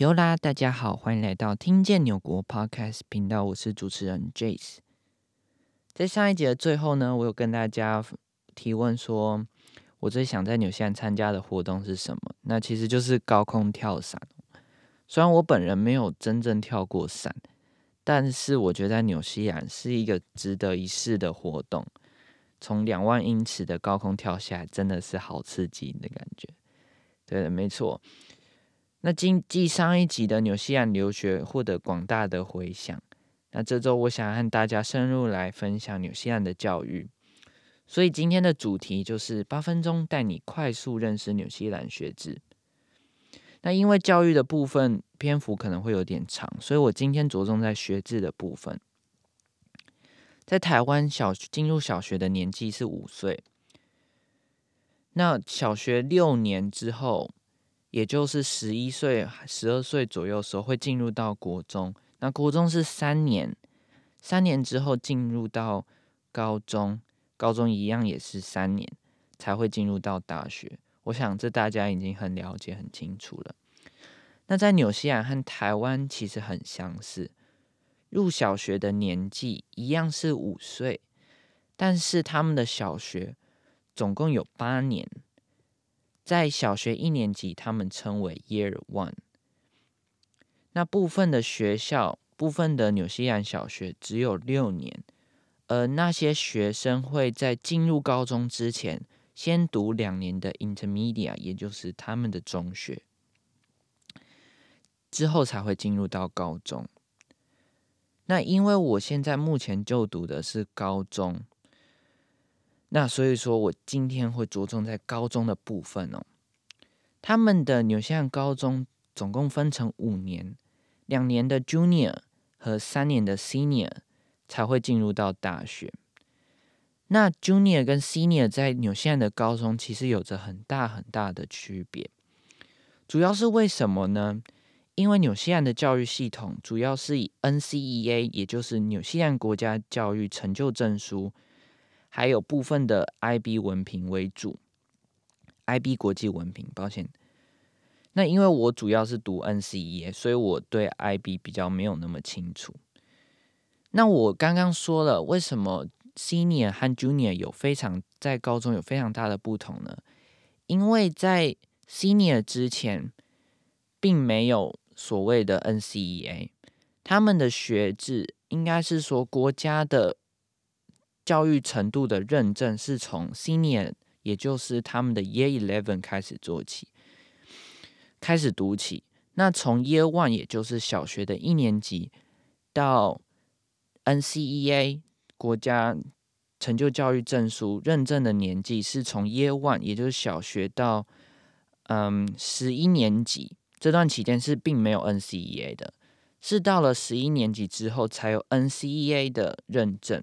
Hello 大家好，歡迎來到聽見紐國 Podcast 頻道，我是主持人 Jace。在上一集的最後呢，我有跟大家提問說，我最想在紐西蘭參加的活動是什麼？那其實就是高空跳傘。雖然我本人沒有真正跳過傘，但是我覺得在紐西蘭是一個值得一試的活動。從兩萬英尺的高空跳下來，真的是好刺激的感覺。對的，沒錯。那繼上一集的紐西蘭留學獲得廣大的回響，那這週我想和大家深入來分享紐西蘭的教育，所以今天的主題就是八分鐘帶你快速認識紐西蘭學制。那因為教育的部分篇幅可能會有點長，所以我今天着重在學制的部分。在台灣小進入小學的年紀是五歲，那小學六年之後。也就是十一歲、十二歲左右時候會進入到國中，那國中是三年，三年之後進入到高中，高中一樣也是三年才會進入到大學。我想這大家已經很了解很清楚了。那在紐西蘭和台灣其實很相似，入小學的年紀一樣是五歲，但是他們的小學總共有八年。在小學一年級，他們稱為 Year One。那部分的學校，部分的紐西蘭小學只有六年，而那些學生會在進入高中之前先讀兩年的 Intermediate，也就是他們的中學，之後才會進入到高中。那因為我現在目前就讀的是高中。那所以說我今天會着重在高中的部分哦。他們的紐西蘭高中總共分成五年，兩年的 Junior 和三年的 Senior 才會進入到大學。那 Junior 跟 Senior 在紐西蘭的高中其實有着很大很大的區別，主要是為什麼呢？因為紐西蘭的教育系統主要是以 NCEA，也就是紐西蘭國家教育成就證書。還有部分的 IB 文憑為主，IB 國際文憑。抱歉，那因為我主要是讀 NCEA，所以我對 IB 比較沒有那麼清楚。那我剛剛說了，為什麼 Senior 和 Junior 有非常，在高中有非常大的不同呢？因為在 Senior 之前，並沒有所謂的 NCEA，他們的學制應該是說國家的。教育程度的認證是從 Senior，也就是他們的 Year Eleven 開始做起，開始讀起。那從 Year One，也就是小學的一年級到 NCEA 國家成就教育證書認證的年紀，是從 Year One，也就是小學到嗯十一年級這段期間是並沒有 NCEA 的，是到了十一年級之後才有 NCEA 的認證。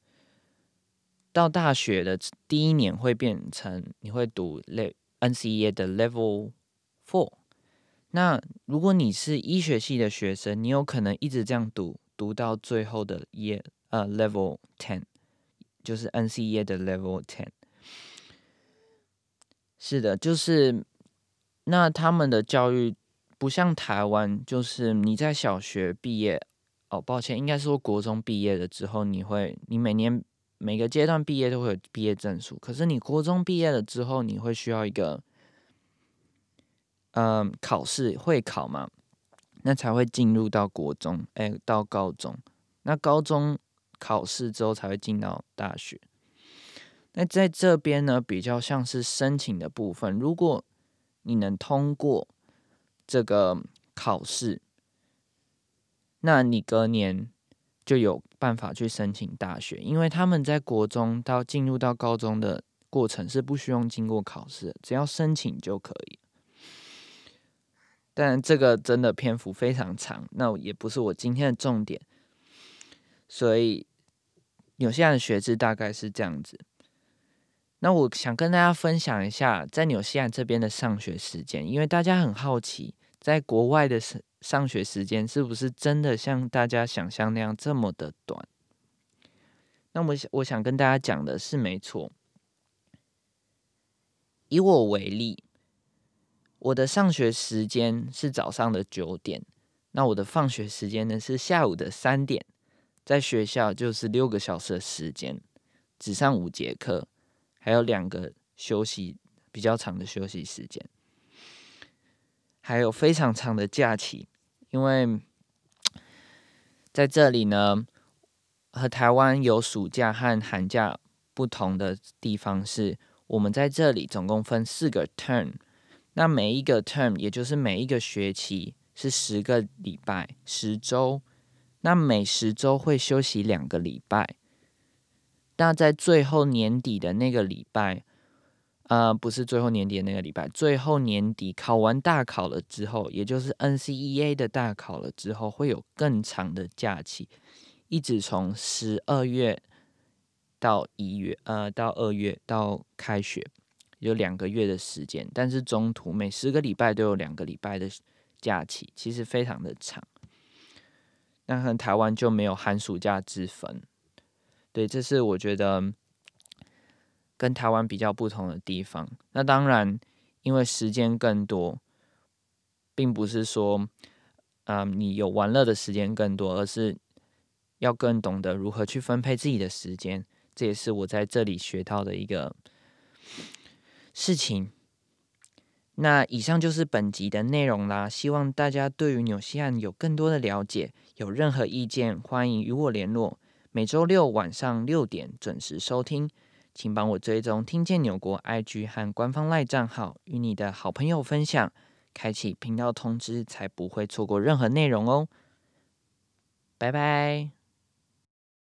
到大學的第一年會變成你會讀 Le NCEA 的 Level Four。那如果你是醫學系的學生，你有可能一直這樣讀，讀到最後的 Year 呃 Level Ten，就是 NCEA 的 Level Ten。是的，就是，那他們的教育不像台灣，就是你在小學畢業，哦，抱歉，應該說國中畢業了之後，你會，你每年。每個階段畢業都會有畢業證書，可是你國中畢業了之後，你會需要一個，嗯、呃，考試會考嘛，那才會進入到國中，哎，到高中，那高中考試之後才會進到大學。那在這邊呢，比較像是申請的部分，如果你能通過這個考試，那你隔年就有。辦法去申請大學，因為他們在國中到進入到高中的過程是不需要經過考試，只要申請就可以。但這個真的篇幅非常長，那也不是我今天的重點。所以，紐西蘭的學制大概是這樣子。那我想跟大家分享一下在紐西蘭這邊的上學時間，因為大家很好奇，在國外的是。上學時間是不是真的像大家想象那樣這麼的短？那我我想跟大家講的是沒錯。以我為例，我的上學時間是早上的九點，那我的放學時間呢是下午的三點，在學校就是六個小時的時間，只上五節課，還有兩個休息，比較長的休息時間。還有非常長的假期，因為在這裡呢，和台灣有暑假和寒假不同的地方是，我們在這裡總共分四個 term，那每一個 term 也就是每一個學期是十個禮拜十周，那每十周會休息兩個禮拜，那在最後年底的那個禮拜。呃，不是最後年底的那個禮拜，最後年底考完大考了之後，也就是 NCEA 的大考了之後，會有更長的假期，一直從十二月到一月，呃，到二月到開學，有兩個月的時間，但是中途每十個禮拜都有兩個禮拜的假期，其實非常的長，那和台灣就沒有寒暑假之分，對，這是我覺得，跟台灣比較不同的地方，那當然，因為時間更多，並不是說，嗯、呃，你有玩樂的時間更多，而是要更懂得如何去分配自己的時間。這也是我在這裡學到的一個事情。那以上就是本集的內容啦，希望大家對於紐西蘭有更多的了解。有任何意見，歡迎與我聯絡。每周六晚上六點準時收聽。請幫我追蹤聽見紐國 IG 和官方 LINE 賬號，與你的好朋友分享，開啟頻道通知，才不會錯過任何內容哦。拜拜。